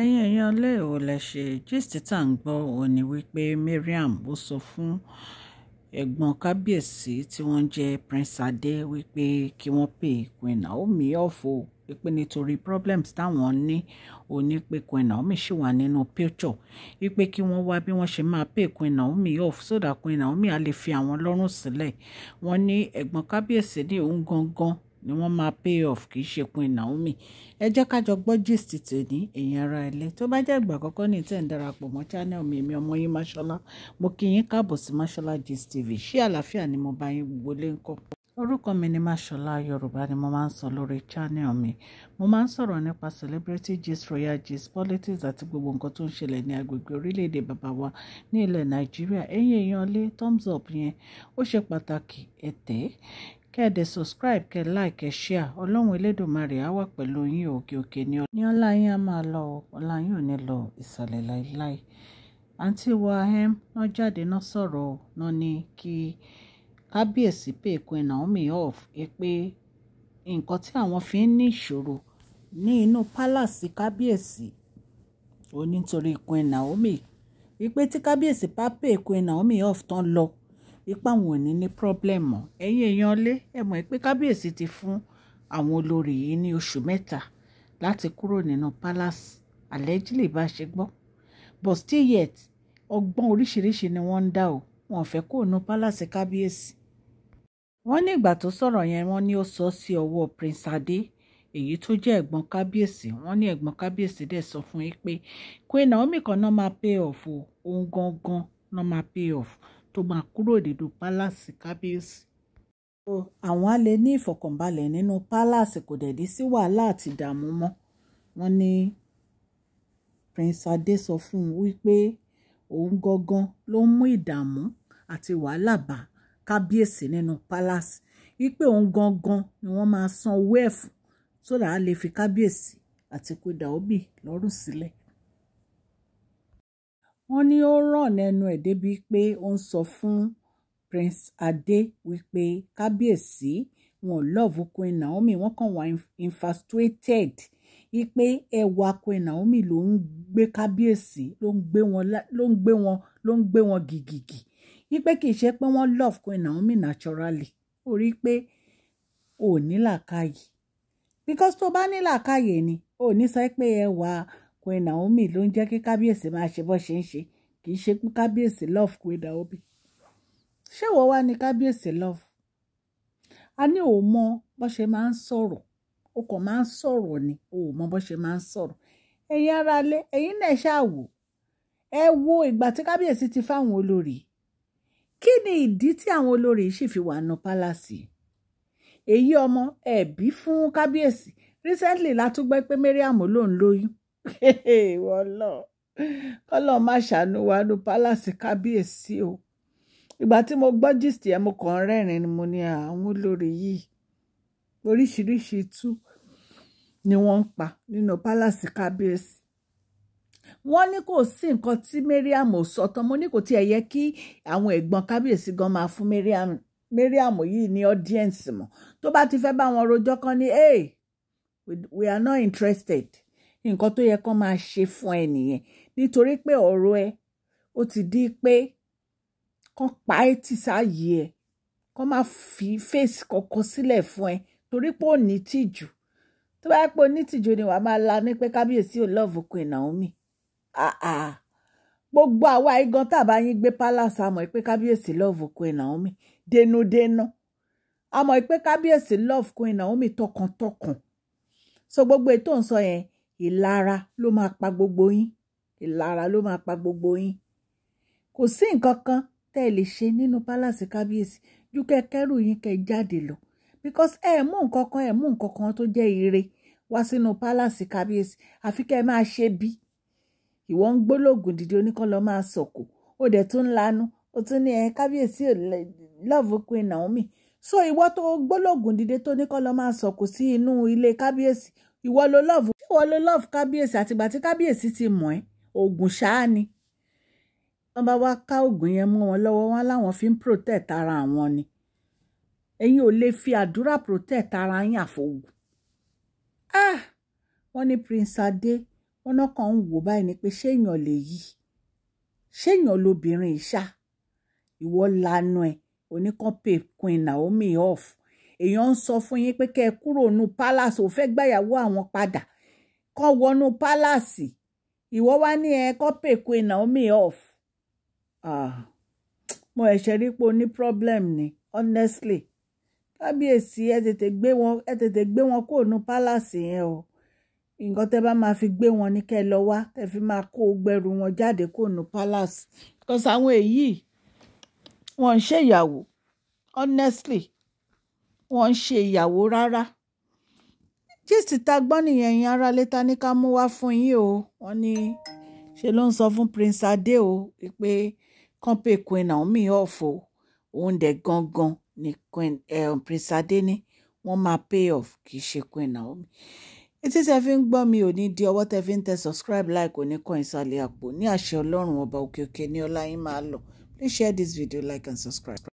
ẹ̀yin èèyàn ilé èwo lẹ ṣe gist tá à ń gbọ́ òun ni wípé Mariam ó sọ fún ẹ̀gbọ́n kábíyèsí tí wọ́n jẹ́ Prince Adé wípé kí wọ́n pè Queen Naomi ọ̀fọ̀ pé nítorí problems táwọn ní òní pé Queen Naomi ṣì wà nínú picture wípé kí wọ́n wá bí wọ́n ṣe máa pè Queen Naomi off so Queen Naomi á lè fi àwọn lọ́rùn sílẹ̀ wọ́n ní ẹ̀gbọ́n kábíyèsí ní òun gangan ni wọ́n máa pay off kì í ṣe pin Naomi ẹ jẹ́ ká jọ gbọ́ gist tòní ẹ̀yin ará ilé tó bá jẹ́ ìgbà àkọ́kọ́ ní tẹ̀ ń darapọ̀ mọ́ channel mi èmi ọmọ yín Máṣọ́lá mo kí yín káàbọ̀ sí Máṣọ́lá Gist TV ṣé àlàáfíà ni mo bá yín gbogbo lé ń kọ́ orúkọ mi ni Máṣọ́lá Yorùbá ni mo máa ń sọ lórí channel mi mo máa ń sọ̀rọ̀ nípa celebrity gist royal gist politics àti gbogbo nǹkan tó ń ṣẹlẹ̀ ní agbègbè orílẹ̀-èdè bàbá wa ní ilẹ̀ Nàìjíríà ẹ̀yin èèyàn lé thumbs up yẹn ó ṣe pàtàkì ẹ̀tẹ́ kẹ́ẹ̀dẹ̀ subscribe kẹ́ like kẹ́ share ọlọ́run elédùnmarè á wà pẹ̀lú yín òkè òkè ní ọlọ́run ní ọlá yín á máa lọ ọlá yín ò ní lọ ìsàlẹ̀ láéláé àǹtí wa ẹm náà jáde náà sọ̀rọ̀ náà ní kí kábíyèsí pé Queen Naomi off ẹ pé nǹkan tí àwọn fi ń ní ìṣòro ní inú pálàsì kábíyèsí ò nítorí Queen Naomi wípé tí kábíyèsí bá pé Naomi off tán lọ wípé àwọn ò ní ní problem mọ́ ẹ̀yin èèyàn lé ẹ mọ̀ pé kábíyèsí ti fún àwọn olórí yìí ní oṣù mẹ́ta láti kúrò nínú palace allegedly bá ṣe gbọ́ but still yet ọgbọ́n oríṣiríṣi ni wọ́n ń dá o wọn fẹ́ kó nu palace kábíyèsí wọ́n ní ìgbà tó sọ̀rọ̀ yẹn wọ́n ní ó sọ sí ọwọ́ prince ade, èyí tó jẹ́ ẹ̀gbọ́n kábíyèsí wọ́n ní ẹ̀gbọ́n kábíyèsí dẹ̀ sọ fún yín pé queen naomi kan náà máa pay off o òun gangan náà máa pay off tó máa kúrò nínú pálásì kábíyèsí. àwọn á lè ní ìfọ̀kànbalẹ̀ nínú pálásì kò dẹ̀ ní sí wàhálà àti ìdààmú mọ́ wọ́n ní Prince Adé sọ fún un wípé òun gangan ló ń mú ìdààmú àti wàhálà bá kábíyèsí nínú pálásì wípé òun gangan ni wọ́n máa san owó ẹ̀fọ́ sódà á lè fi kábíyèsí àti kódà òbí lọ́rùn sílẹ̀ wọ́n ní ó ràn lẹ́nu ẹ̀ débi pé ó ń sọ fún Prince Adé wípé kábíyèsí wọn ò lọ́ọ̀vù Queen Naomi wọ́n kàn wá infatuated wípé ẹwà Queen Naomi ló ń gbé kábíyèsí ló ń gbé wọn ló ń gbé wọn gìgìgì wípé kì í ṣe pé wọ́n love Queen Naomi naturally ó rí pé ò ní làákàyè because tó bá ní làákàyè ni ò ní sọ pé ẹwà. Queen Naomi ló ń jẹ́ kí kábíyèsí máa ṣe bó ṣe ń ṣe kì í ṣe pé kábíyèsí love Queen Naomi ṣé ìwọ wá ní kábíyèsí love a ní òun mọ bó ṣe máa ń sọ̀rọ̀ o kàn máa ń sọ̀rọ̀ ni òun mọ bó ṣe máa ń sọ̀rọ̀ ẹ̀yin ara lé ẹ̀yin náà ṣáà wò ẹ wo ìgbà tí kábíyèsí ti fáwọn olórí kí ni ìdí tí àwọn olórí sì fi wà nù pálásì èyí ọmọ ẹbí fún kábíyèsí recently látúgbẹ́ pé mariam lòún lóyún wọlọ kọlọ má ṣàánú wa nu pálásì kábíyèsí o ìgbà tí mo gbọ́ gist ẹ̀ mo kàn ń rẹ́rìn ni mo ní àwọn olórí yìí oríṣiríṣi tú ni wọ́n ń pa nínú pálásì kábíyèsí wọ́n ní kò sí nǹkan tí mariam ò sọ tán mo ní kò tiẹ̀ yẹ kí àwọn ẹ̀gbọ́n kábíyèsí gan máa fún mariam mariam yìí ní audience mọ́ tó bá ti fẹ́ bá wọn rojọ́ kan ní hey we, we are not interested nǹkan tó yẹ kán máa ṣe fún ẹ nìyẹn nítorí pé ọ̀rọ̀ ẹ ó ti di pé kán pa ẹ́ tì sáàyè ẹ kán máa fi fèsì kọ̀ọ̀kan sílẹ̀ fún ẹ torí pé ò ní tìjú tó bá yẹ pé onítìjú ni wàá máa la ní pé kábíyèsí ò lọ́ọ̀fù Queen Naomi gbogbo àwa igan tàbá yín gbé palace àmọ́ pé kábíyèsí lọ́ọ̀fù Queen Naomi dénúdénú àmọ́ pé kábíyèsí lọ́ọ̀fù Queen Naomi tọkàntọkàn so gbogbo ètò ń sọ yẹn ìlara ló máa pa gbogbo yín ìlara ló máa pa gbogbo yín kò sí nǹkan kan tẹ́ ẹ lè ṣe nínú pálásì kábíyèsí ju kẹkẹrù yín kẹ́ jáde lọ because ẹ mú nǹkan kan ẹ mú nǹkan kan tó jẹ́ ire wá sínú pálásì kábíyèsí àfi kẹ́ ẹ máa ṣe bí ìwọ ń gbólógùn dìde oníkan lọ máa sọ̀kò ó dẹ̀ tún lanu ó tún ní ẹ kábíyèsí love queen Naomi so ìwọ tó gbólógùn dìde tó ní kọ́ lọ máa sọ̀kò sí inú ilé kábíyèsí ìwọ ló love wọ́n love kábíyèsí àtìgbà tí kábíyèsí ti mọ̀ ẹ́ oògùn ṣáá ni wọ́n bá wá ká oògùn yẹn mọ́ wọn lọ́wọ́ wọn láwọn fi ń protect ara àwọn ni ẹ̀yin ò lè fi àdúrà protect ara yín àfọwù ah wọ́n ní prince ade wọ́n náà kàn ń wò báyìí ni pé ṣéèyàn lè yí ṣéèyàn lobìnrin ìṣá ìwọ lanu ẹ oníkan pè queen naomi off èèyàn ń sọ fún yín pé kẹ́ ẹ kúrò nù palace ò fẹ́ gbàyàwó àwọn padà kọ́ wọnú pálásì ìwọ wá ní ẹ kọ́ pèkúe Naomi off ah. mo ẹ̀ṣẹ̀ rí pé o ní problem ni honestly kábíyèsí ẹ tètè gbé wọn ẹ tètè gbé wọn kúrò ní pálásì yẹn o nǹkan tẹ bá máa fi gbé wọn ní kẹ lọ wá tẹ fi máa kó gbẹrù wọn jáde kúrò ní pálásì because àwọn èyí wọn ń ṣèyàwó honestly wọn ń ṣe ìyàwó rárá gist ta gbọ́ nìyẹn yín ara létà ní ká mú wá fún yín o wọ́n ní ṣe ló ń sọ fún Prince Adé o pé kàn Queen Naomi off o òun dẹ̀ gangan ni Queen eh, Prince Adé ní wọ́n máa pay off kì í ṣe Queen Naomi etí tẹ fi ń gbọ́ mi ò ní di ọwọ́ tẹ fi ń tẹ subscribe like ò ní kàn ìsàlẹ̀ àpò ní àṣẹ ọlọ́run ọba òkè òkè ní ọlá yín máa lọ please share this video like and subscribe.